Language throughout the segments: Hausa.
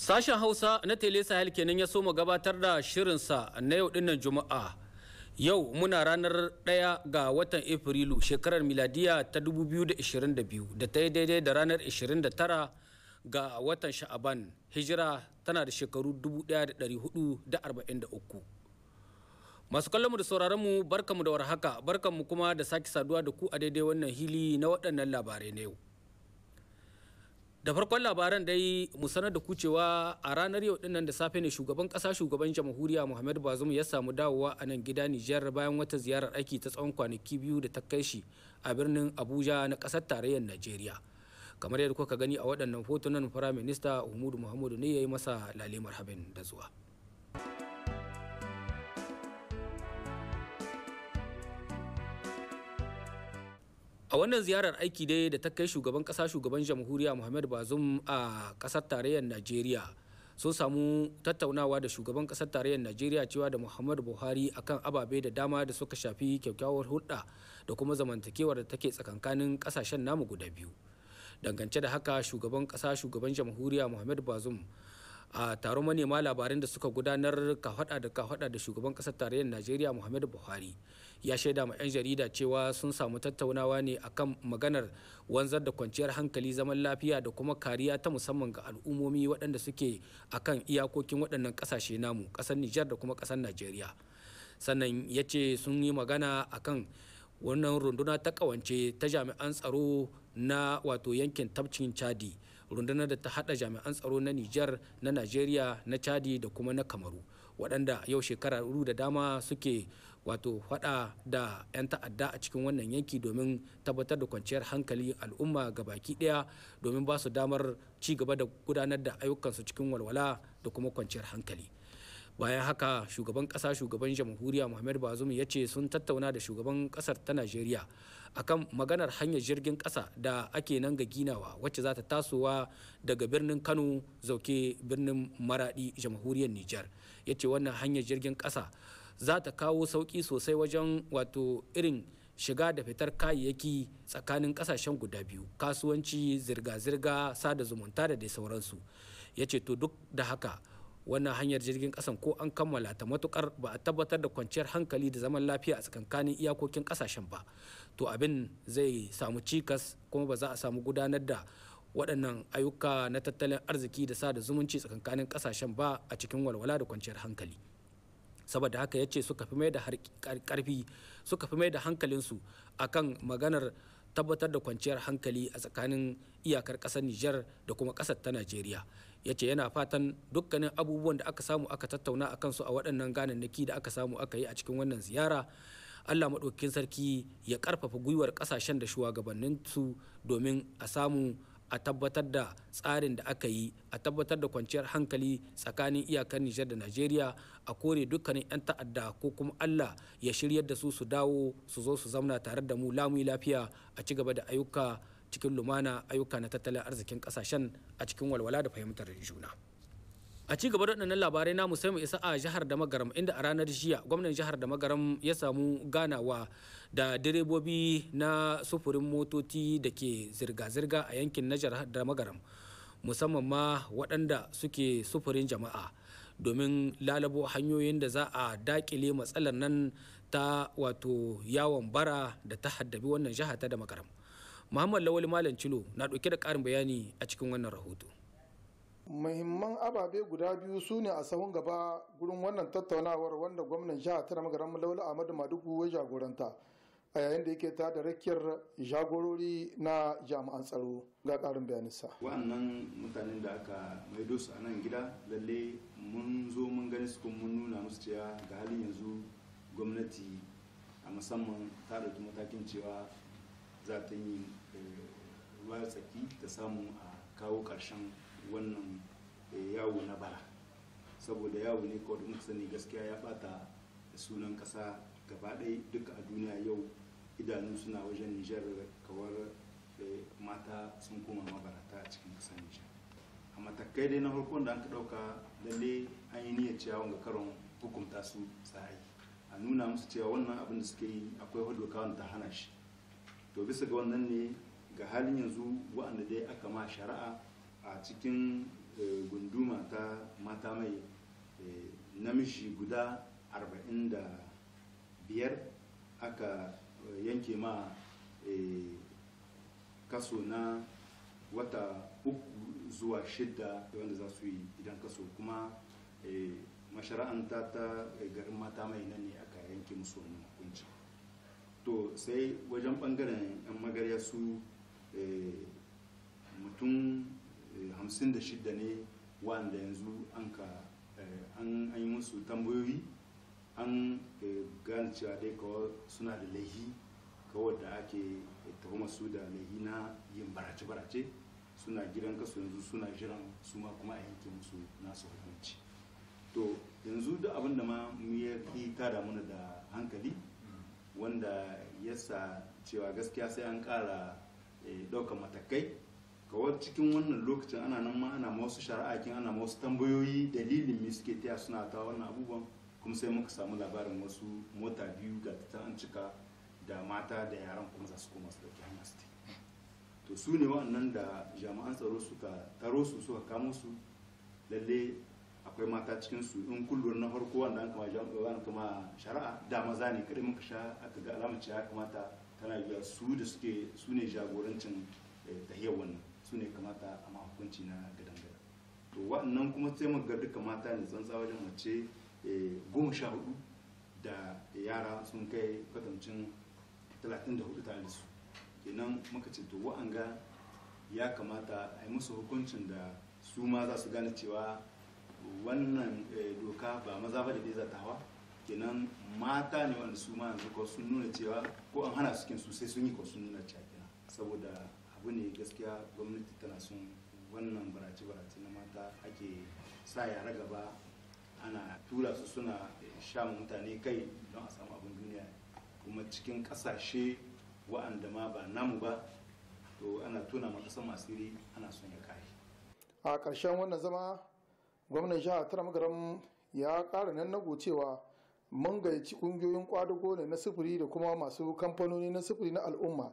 Sashen Hausa na Tele Sahel kenan ya soma gabatar da shirinsa na yau dinnan Juma'a. Yau muna ranar ɗaya ga watan Afrilu shekarar miladiya ta 2022 da ta yi daidai da ranar 29 ga watan Sha'aban. Hijira tana da shekaru 1443. masu kallon mu da sauraron mu barkamu da warhaka barkamu kuma da sake saduwa da ku a daidai wannan hili na waɗannan labarai na yau da farkon labaran dai mu sanar da kucewa a ranar yau dinnan da safe ne shugaban kasa shugaban jamhuriya muhammad bazum ya samu dawowa a nan gida nijar bayan wata ziyarar aiki ta tsawon kwanaki biyu da ta kai shi a birnin abuja na kasar tarayyar najeriya kamar yadda kuka gani a waɗannan hotunan firaminista minista umudu muhammadu ne ya yi masa lale marhabin da zuwa a wannan ziyarar aiki dai da ta kai shugaban kasa shugaban jamhuriya muhammad bazum a kasar tarayyar najeriya sun samu tattaunawa da shugaban kasar tarayyar najeriya cewa da muhammadu buhari akan ababe da dama da suka shafi kyakkyawar hulɗa da kuma zamantakewar da take tsakankanin kasashen namu guda biyu dangance da haka shugaban kasa shugaban jamhuriya muhammad bazum a taron manema labaran da suka gudanar kafada da kafada da shugaban kasar tarayyar najeriya muhammadu buhari ya shaida ma 'yan jarida cewa sun samu tattaunawa ne akan maganar wanzar da kwanciyar hankali zaman lafiya da kuma kariya ta musamman ga al'ummomi waɗanda suke akan iyakokin waɗannan ƙasashe namu ƙasar nijar da kuma ƙasar najeriya sannan ya ce sun yi magana akan wannan runduna ta ƙawance ta jami'an tsaro na wato yankin tafkin chadi rundunar da ta hada jami'an tsaro na Nijar na Najeriya na Chadi da kuma na Kamaru waɗanda yau shekara uru da dama suke wato fada da 'yan ta'adda a cikin wannan yanki domin tabbatar da kwanciyar hankali al'umma ga baki ɗaya domin ba su damar ci gaba da gudanar da ayyukansu cikin walwala da kuma kwanciyar hankali. bayan haka shugaban kasa shugaban jamhuriya muhammad bazum ya ce sun tattauna da shugaban kasar ta najeriya akan maganar hanyar jirgin kasa da ake nan ga ginawa wacce za ta tasowa daga birnin kano zauke birnin maradi jamhuriyar nijar ya ce wannan hanyar jirgin kasa za ta kawo sauki sosai wajen wato irin shiga da fitar kayayyaki tsakanin kasashen guda biyu kasuwanci zirga-zirga sada zumunta da dai sauransu ya ce to duk da haka wannan hanyar jirgin kasan ko an kammala ta matukar ba a tabbatar da kwanciyar hankali da zaman lafiya a tsakankanin iyakokin kasashen ba to abin zai samu cikas kuma ba za a samu gudanar da waɗannan ayyuka na tattalin arziki da sa da zumunci tsakankanin kasashen ba a cikin walwala da kwanciyar hankali saboda haka ya ce suka fi mai da karfi suka fi mai da hankalinsu akan maganar tabbatar da kwanciyar hankali a tsakanin iyakar ƙasar Nijar da kuma ƙasar ta Najeriya ya ce yana fatan dukkanin abubuwan da aka samu aka tattauna a kansu a waɗannan ganannaki da aka samu aka yi a cikin wannan ziyara allah maɗaukakin sarki ya ƙarfafa gwiwar ƙasashen da su domin a samu a tabbatar da tsarin da aka yi a tabbatar da kwanciyar hankali tsakanin iyakar nijar da najeriya a kore dukkanin 'yan ta'adda ko kuma allah ya shiryar da su su dawo su zo su zamna tare da mu lamu lafiya a ci gaba da ayyuka cikin lumana ayyuka na tattalin arzikin kasashen a cikin walwala da fahimtar juna a ci gaba da waɗannan labarai namu sai mu isa a jihar da magaram inda a ranar jiya gwamnan jihar da magaram ya samu ganawa da direbobi na sufurin motoci da ke zirga-zirga a yankin na jihar da magaram musamman ma waɗanda suke sufurin jama'a domin lalabo hanyoyin da za a daƙile matsalar nan ta wato yawon bara da ta haddabi wannan jihar ta da magaram Muhammad Lawal Malam Cilo na dauke da karin bayani a cikin wannan rahoto. Muhimman ababe guda biyu su ne a sahun gaba gurin wannan tattaunawar wanda gwamnan jiha ta da Lawal Ahmadu Maduku ya jagoranta a yayin da yake ta da rakiyar jagorori na jami'an tsaro ga karin ƙarin sa. Wannan mutanen da aka maido su a nan gida lalle mun zo mun gani su kuma mun nuna musu cewa ga halin yanzu gwamnati a musamman ta ɗauki matakin cewa za ta yi ruwa tsaki ta samu a kawo karshen wannan eh, yawo na bara saboda yawo ne kawai muka sani gaskiya ya bata sunan kasa gaba ɗaya duka a duniya yau idanu suna wajen nijar kawar eh, mata sun koma mabarata a cikin kasar nijar a matakai dai na farko da aka dauka ɗauka lalle an yi niyyar cewa ga karon hukunta su tsari a nuna musu cewa wannan abin da suke yi akwai hudu ta hana shi to bisa ga wannan ne ga halin yanzu wa'anda dai aka ma shari'a a cikin eh, gunduma ta mata mai eh, namiji guda 45 aka eh, yanke ma kaso na wata uku zuwa shidda wanda za su yi idan kaso kuma mashara'anta ta garin mata mai nan ne aka yanke musu wani hukunci to sai wajen bangaren yan magarya su eh, mutum 56 eh, ne wanda yanzu an ka eh, an yi musu tambayoyi an gane cewa dai kawai suna da laihi kawai da ake tuhuma su da laihi na yin barace-barace suna gidan kasu yanzu suna jiran su ma kuma a yanke musu nasu hukunci to yanzu da abin da ma mu ya fi tada da hankali wanda ya sa cewa gaskiya sai an kara eh, ɗaukar matakai kawai cikin wannan lokacin ana nan ma ana shari'a shari'akin ana wasu tambayoyi dalilin me suke taya suna ta wannan abubuwan kuma sai muka samu labarin wasu mota biyu ga ta an cika da mata da yaran kuma za su koma su dauki hanya su to su ne wa'annan da jami'an tsaro suka taro su suka kamo su lalle akwai mata cikin su in kullum na farko wanda an kama jan kama shari'a da maza ne kadai muka sha aka ga alamar ya kamata tana yiwa su da suke su ne jagorancin eh, tahiyar wannan su ne kamata a hukunci na gadan to waɗannan kuma sai mu ga duka mata ne tsantsa wajen mace eh, goma sha hudu da yara sun kai kwatancin talatin da hudu tare da su kenan muka ce to wa'anga ya kamata a yi musu hukuncin da su ma za su gane cewa wannan eh, doka ba maza ba da dai zatawa kenan mata ne wanda su ma yanzu ko sun nuna cewa ko an hana su kinsu sai sun yi ko sun nuna cewa saboda abu ne gaskiya gwamnati tana sun wannan barace-barace na mata ake sa yara gaba ana tura su suna eh, sha mutane kai don a samu abin duniya kuma cikin kasashe wa'anda ma ba namu ba to ana tuna ma asiri ana son ya kare a ƙarshen wannan zama gwamnan jihar taramagaram ya kara nan nago cewa mun gayyaci ƙungiyoyin kwadago ne na sufuri da kuma masu kamfanoni na sufuri na al'umma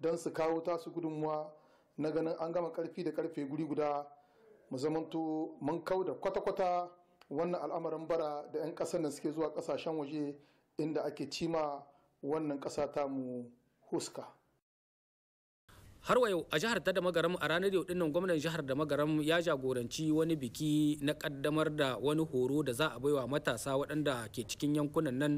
don su kawo tasu gudunmuwa na ganin an gama karfi da karfe guri guda mu zamanto mun kau da kwata-kwata wannan al'amarin bara da 'yan kasar da suke zuwa kasashen waje inda ake cima wannan ƙasa ta mu huska. har wa yau a jihar ta da magaram a ranar yau dinnan gwamnan jihar da magaram ya jagoranci wani biki na kaddamar da wani horo da za a baiwa matasa waɗanda ke cikin yankunan nan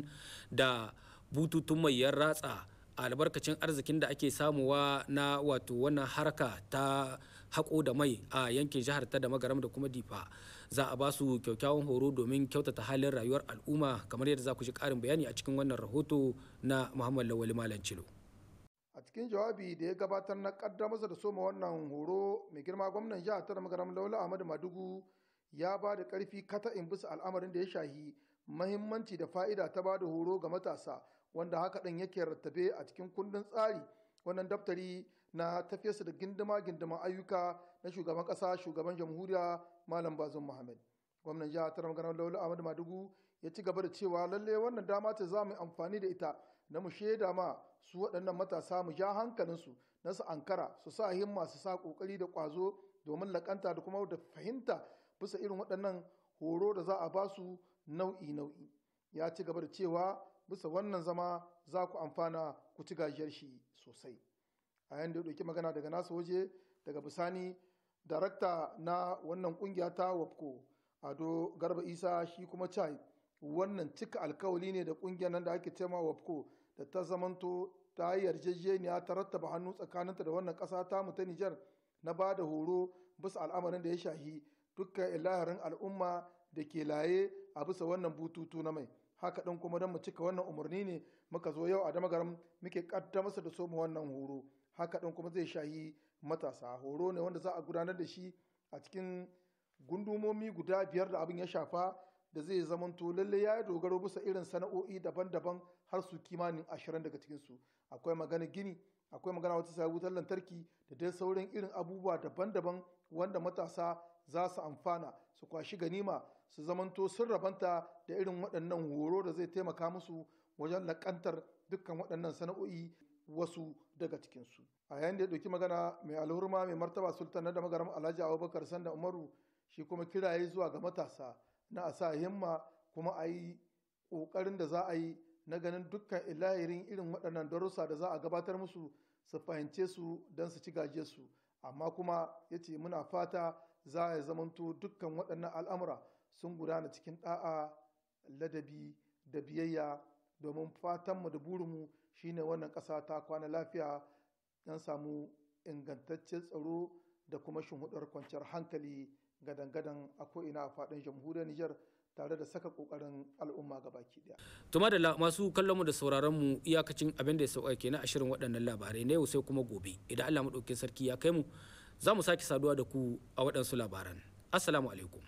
da bututun mai yan ratsa albarkacin arzikin da ake samuwa na wato wannan harka ta haƙo da mai a yankin jihar ta da magaram da kuma difa za a basu su kyakkyawan horo domin kyautata halin rayuwar al'umma kamar yadda za ku ji ƙarin bayani a cikin wannan rahoto na muhammad lawali malam cilo a cikin jawabi da ya gabatar na masa da soma wannan horo mai girma gwamnan jihar ta magaram laula ahmadu madugu ya ba da karfi kata in bisa al'amarin da ya shahi mahimmanci da fa'ida ta ba da horo ga matasa wanda haka ɗin yake rattabe a cikin kundin tsari wannan daftari na tafiyarsa da gindima gindima ayyuka na shugaban ƙasa shugaban jamhuriya malam bazum muhammad gwamnan jihar ta magaram laula ahmadu madugu ya ci gaba da cewa lallai wannan dama ce za mu amfani da ita na mu shaida ma su waɗannan matasa mu ja hankalinsu na su ankara su sa himma su sa ƙoƙari da ƙwazo domin laƙanta da kuma da fahimta bisa irin waɗannan horo da za a ba su nau'i nau'i ya ci gaba da cewa bisa wannan zama za ku amfana ku ci gajiyar shi sosai a yayin ya ɗauki magana daga nasa waje daga bisani darakta na wannan ƙungiya ta wapco ado garba isa shi kuma chai wannan cika alkawali ne da ƙungiyar nan da ake cema wapco da ta zamanto ta yi yarjejeniya ta rattaba hannu tsakaninta da wannan ƙasa ta mu ta Nijar na ba da horo bisa al'amarin da ya shahi dukkan ilaharin al'umma da ke laye a bisa wannan bututu na mai haka ɗin kuma don mu cika wannan umarni ne muka zo yau a garin, muke ƙadda masa da soma wannan horo haka ɗin kuma zai shahi matasa horo ne wanda za a gudanar da shi a cikin gundumomi guda biyar da abin ya shafa da zai zamanto lalle ya yi dogaro bisa irin sana'o'i daban-daban har su kimanin ashirin daga cikinsu akwai magana gini akwai magana wata sabuwar wutar lantarki da dai sauran irin abubuwa daban-daban wanda matasa za su amfana su kwashi ganima su zamanto sun rabanta da irin waɗannan horo da zai taimaka musu wajen lakantar dukkan waɗannan sana'o'i wasu daga cikinsu a yayin da ya ɗauki magana mai alhurma mai martaba sultan na da magaram alhaji abubakar sanda umaru shi kuma kiraye zuwa ga matasa na a sa himma kuma a yi ƙoƙarin da za a yi na ganin dukkan ilahirin irin waɗannan darussa da za a gabatar musu su fahimce su don su ci su amma kuma ya ce muna fata za a zamanto dukkan waɗannan al'amura sun gudana cikin ɗa'a ladabi da biyayya domin fatanmu da burinmu shine wannan ƙasa ta kwana lafiya don samu ingantaccen tsaro da kuma shinhudar kwanciyar hankali gadan-gadan a ko'ina a faɗin jamhuriyar Nijar tare da saka kokarin al'umma ga baki ɗaya Tuma da masu kallon mu da sauraron mu iyakacin abin da ya sauka kenan a ashirin waɗannan labarai na yau sai kuma gobe idan Allah madaukakin sarki ya kai mu za mu sake saduwa da ku a waɗansu labaran. Assalamu alaikum.